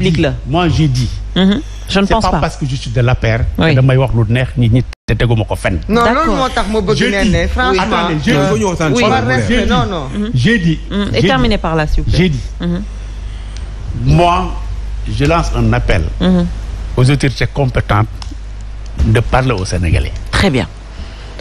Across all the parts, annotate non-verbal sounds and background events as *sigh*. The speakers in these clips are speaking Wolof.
publique la moi j'ai dit. Mhm. je ne pense pas parce que je suis de l'APR. oui damay wax lu neex ni ñi te teguma ko fenn. non loolu moo tax ma bëgg nee ne franchement je euh, dis non non. Mhm. Mhm. par là s'il vous plaît. moi je lance un appel. aux autorités compétentes de parler aux Sénégalais. très bien.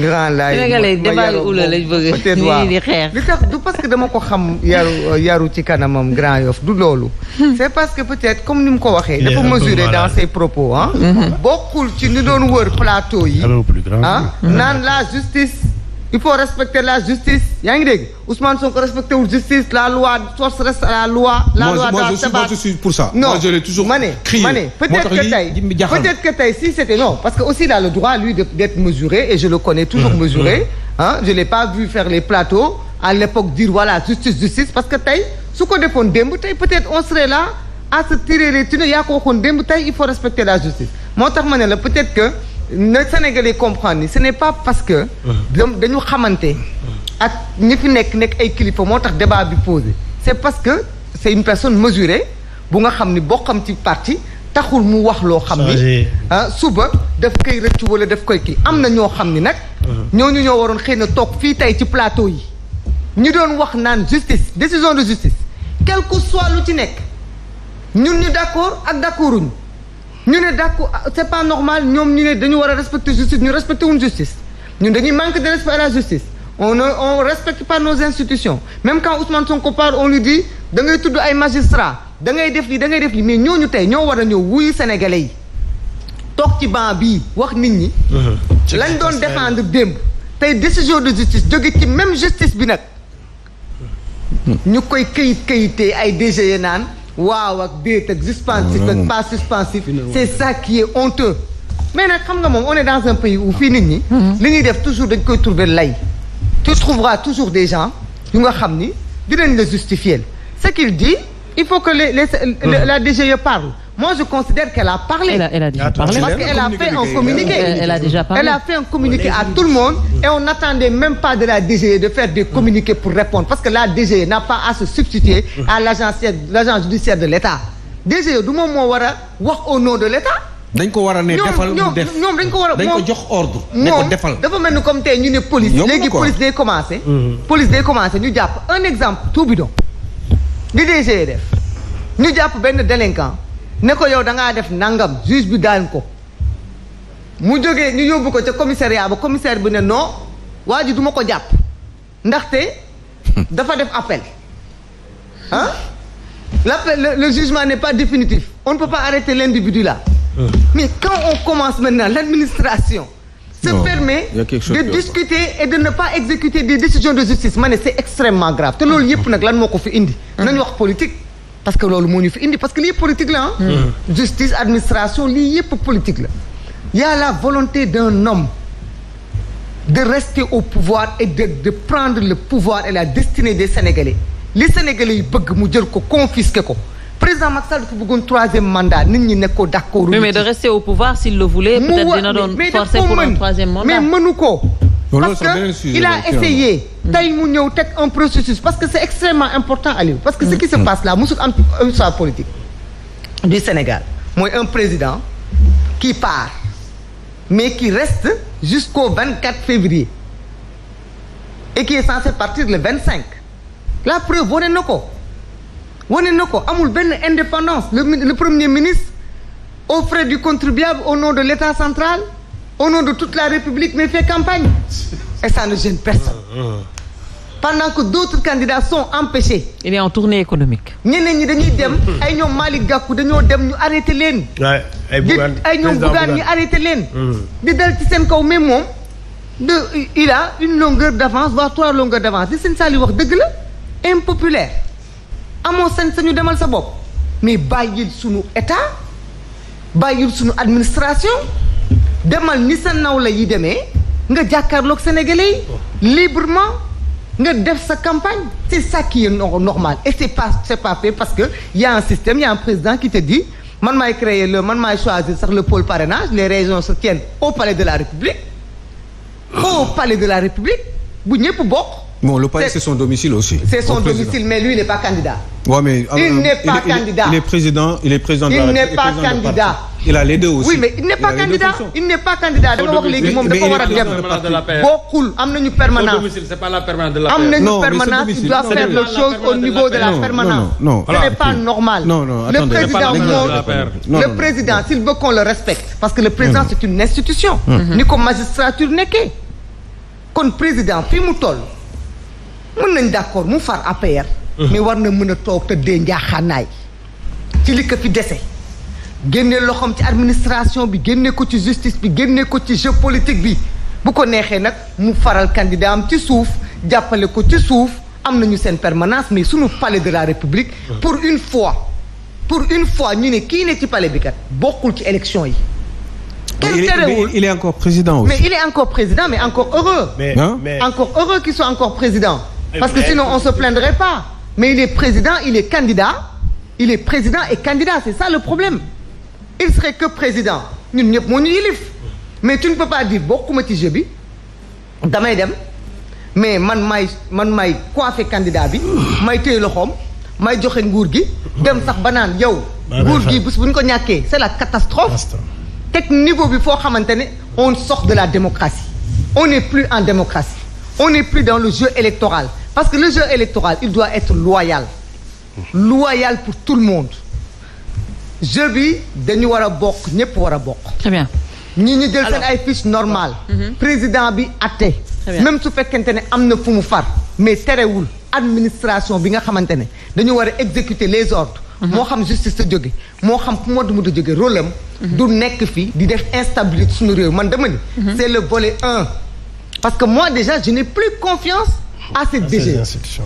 grand laay sénégalais débat ula lañ bëgg peut-être waaw di xeex li tax du parce que dama ko xam yaru euh, yaru ci kanamam grand yof du loolu hmm. c'est parce que peut-être comme ni mu ko waxee dafa mesurer dans ses propos ah bokkul ci ni doon wër plateau yi ah naan la justice il faut respecter la justice yaa ngi dégg Ousmane Sonko respecté wul justice la loi force reste la loi. la moi, loi moi, je suis, moi je suis pour ça. non moi je l'ai toujours ma ne ma ne peut-être que tey peut-être que tey si c'était non parce que aussi il a le droit lui d'être mesuré et je le connais toujours mmh, mesuré ah mmh. je l'ai pas vu faire les plateaux à l'époque dire voilà justice justice parce que tey su ko defoon démb tey peut-être on serait là à se tirer les tunnes yaa ko waxoon démb tey il faut respecter la justice moo tax ma ne la peut-être que. na Sénégalais comprendre ni ce n'est pas parce que. dañu xamante. ak ñi fi nekk nekk ay kilifa moo tax debaa bi posé c'est parce que c'est une personne mesurée bu nga xam ni boo xam ci parti taxul mu wax loo xam ni ah suba daf koy rëccu wala daf koy kii am na ñoo xam ni nag ñoo ñu ñoo waroon xëy na toog fii tey ci plateau yi ñu doon wax naan justice décision de justice quel soit lu ci nekk ñun ñu d'accord ak d'accorduñu ñu ne d'accord c'est pas normal ñoom ñu ne dañu war a respecter justice ñu respecter wuñ justice ñun dañuy manque de respect à la justice on ne on respecte pas nos institutions même quand Ousmane Sonko parle on lui dit da ngay tudd ay magistrats da ngay def lii da ngay def lii mais ñooñu tey ñoo war a ñëw wuyu sénégalais yi toog ci banc bi wax nit ñi. Mhm. lañ doon défendre démb. tey décision de justice jóge ci même justice bi nag. Mhm. ñu koy këyit këyitee ay DG e naan. waaw ak déet ak suspensif ak pas suspensif c'est ça qui est honteux mais nag xam nga moom on est dans pays où fii nit ñi mhm. li ñuy def toujours dañ koy trouver lay tu trouveras toujours des gens yu nga xam ni dinañ la justifier ce qu'il il faut que les, les, les la DGE parle. Moi, je considère qu'elle a parlé. a, elle a déjà parlé. Parce qu'elle a fait un communiqué. Elle, a fait un communiqué à tout le monde et on n'attendait même pas de la DGE de faire des communiqués pour répondre. Parce que la DGE n'a pas à se substituer à l'agence judiciaire de l'État. DGE, du moment moo war a wax au nom de l'État. dañ ko war a ne defal mu def war a dañ ko jox ordre. ne ko defal dafa ni comme ñu ne police. léegi police day commencé. Mm-hmm. police day commencé ñu jàpp un exemple tout bidon. li DG def ñu jàpp benn délinquant ne ko yow da ngaa def nangam juge bi daan ko mu jógee ñu yóbbu ko ca commissariat ba commissaire bi ne noo waa ji du ko jàpp ndaxte *laughs* dafa def appel ah l'appel le, le jugement n'est pas définitif on ne peut pas arrêter l'individu là euh. mais quand on commence maintenant l'administration se permet de discuter et de ne pas exécuter des décisions de justice ma c'est extrêmement grave te loolu yëpp nag lan moo ko fi indi nañ wax politique parce que loolu moo ñu fi indi parce que lii yëpp politique la hmm. Hmm. justice administration lii yëpp politique la y la volonté d'un homme de rester au pouvoir et de de prendre le pouvoir et la destinée des Sénégalais li Sénégalais yi bëgg mu jël ko confisquer ko président Macky Sall dafa bëggoon troisième mandat nit ñi nekk ko d' accord. mais mais de rester au pouvoir s' le voulait. peut-être dina doon forcer pour troisième mandat mais mënu parce que il a essayé. Hmm. tey mu ñëw teg un processus parce que c' est extrêmement important Aliou. parce que ce qui se hmm. passe là musul am euh, politique. du Sénégal mooy un président qui part mais qui reste jusqu'au 24 février et qui est censé partir le 25 la preuve wane na ko. wane na ko amul benn indépendance le le premier ministre aux frais du contribuable au nom de l'État central au nom de toute la République mais fait campagne et ça ne gêne personne pendant que d'autres candidats sont empêchés. il est en tournée économique. ñeneen ñi dañuy dem ay ñoom Malick Gakou dañoo dem ñu arrêté leen. di ay ñoom Bougane ñu arrêté leen. Hmm. di dal ci seen kaw mais moom. de il a une longueur d'avance voire trois longueurs d'avance li seen saal yi wax dëgg la impopulaire. amoo sañ-sañu demal sa bopp mais bàyyil sunu état bàyyil sunu administration demal ni sa nawla yi demee nga jàkkaarloog sénégalais yi librement nga def sa campagne c'est ça qui est normal et c'est pas c'est pas fait parce que y a un système y a un président qui te dit man maay créer le man maay choisir sax le pôle parrainage les régions se tiennent au palais de la république au palais de la république bu ñëpp bokk. le palais c'est son domicile aussi. c'est son domicile Ouais, il euh, n'est pas candidat. Il, est président, il est président la Il n'est pas candidat. Il a les deux aussi. il n'est pas candidat. Il n'est pas candidat. Da nga a dem. Bokkul am nañu permanence. Son pas la il doit faire les choses au niveau de la permanence. ce n'est pas normal. le président s'il veut qu'on le respecte parce que le président c'est une institution. Mm-hmm. Ni ko magistrature nekkee. Kon président fii mu toll mën nañ d'accord mu far APR. mais war na mën a toog te dee njaaxaanaay ci li ko fi dese génne loxoom ci administration bi génne ko ci justice bi génne ko ci jeu politique bi bu ko neexee nag mu faral candidat am ci suuf jàppale ko ci suuf am nañu seen permanence mais suñu palais de la république pour une fois pour une fois ñu ne kii ne ci palais bi kat bokkul ci élection yi kenn terewul il est encore président aussi. mais il est encore président mais heureux mais, mais encore heureux soit encore président parce que sinon on se plaindrait pas mais il est président il est candidat il est président et candidat c'est ça le problème il serait que président ñun ñëpp moo ñu yilif mais tu ne peux pas dire bokkuma ci jeu bi damay dem mais man maay man maay coiffé bi may téye loxoom may joxe nguur gi dem sax ba naan yow nguur gi bés bu ñu ko ñàkkee c'est la catastrophe teg niveau bi foo xamante ne on sort de la démocratie on n'est plus en démocratie on n'est plus dans le jeu électoral Parce que le jeu électoral, il doit être loyal. Loyal pour tout le monde. jeu bi dañu war a bokk ñëpp war a bokk. très bien. ñi ñu jël ay fiche normale mhm. mhm. président bi atte même su fekkente ne am na fu mu far. mais terewul administration bi nga xamante ne dañu war a exécuter les ordres. Mhm. moo xam justice sa jóge moo xam fu mu mën a jóge rôle du nekk fii di def instabilité suñu réew man dama ni. le volet un. parce que moi déjà je n'ai plus confiance. à cette DG.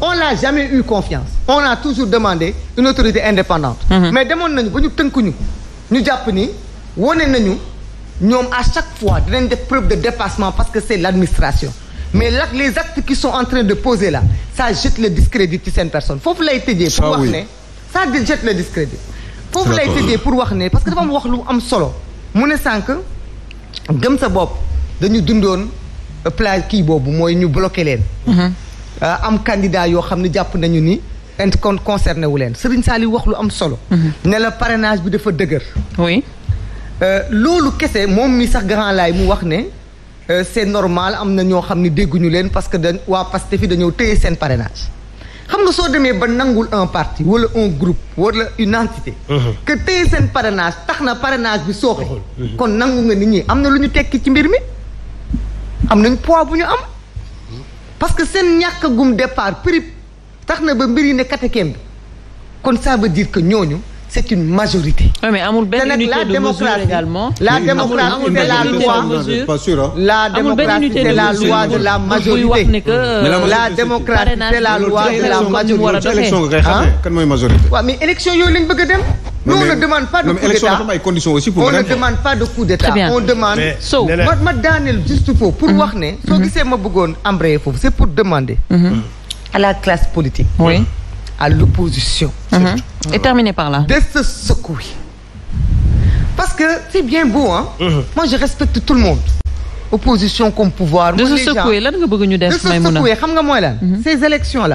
on n'a jamais eu confiance on a toujours demandé une autorité indépendante mm -hmm. mais demoon nañu ba ñu tënkuñu ñu jàpp ni wone nañu ñoom à chaque fois dinañ def preuve de dépassement parce que c'est l'administration mais là les actes qui sont en train de poser là ça jette le discrédit ci seen personne foofu lay tëjee pour wax ne ça jette le discrédit foofu lay tëjee pour wax ne parce que dafa am wax lu am solo mu ne sànq gëm sa bopp dañu dundoon plage kii boobu mooy ñu bloqué leen mm-hmm. Euh, am candidat yoo xam ne jàpp nañu ni int kon concerné wu leen Serigne Saliou wax lu am solo. Mhm. ne la bi dafa dëgër. oui. Euh, loolu kese moom mi sax grand laay mu wax ne euh, c'est normal am na ñoo xam ne dégguñu leen parce que dañ waa Pastef fi dañoo téye seen parrainage. xam nga soo demee ba nangul un parti wala un groupe wala une entité. Mhm. que téye seen parenage tax na parenage bi sooxe. Mhm. kon nangu nga nit ñi am na lu ñu tekki ci mbir mi am nañ poids bu ñu am. parce que seen ñàkk gum départ prip tax na ba mbir yi ne katakem bi kon ça veut dire que une majorité. oui mais amul benn de mesure également. la démocratie c' est loi de la majorité. la démocratie c' la loi de la majorité. élection nga koy xamee dem. Nous, ne demande pas de non, coup d'État. On ne demande pas de coup d'État. On demande. so ma ma daaneel juste foofu pour mhm. wax ne. soo mhm. gisee ma bëggoon embrayer foofu c'est pour demander. Mhm. à la classe politique. oui à l'opposition et terminer par là. de se secouer. parce que c'est bien beau hein. moi je respecte tout le monde. opposition comme pouvoir. de se secouer lan nga bëgg ñu def. may mun a nga mooy lan. ces là.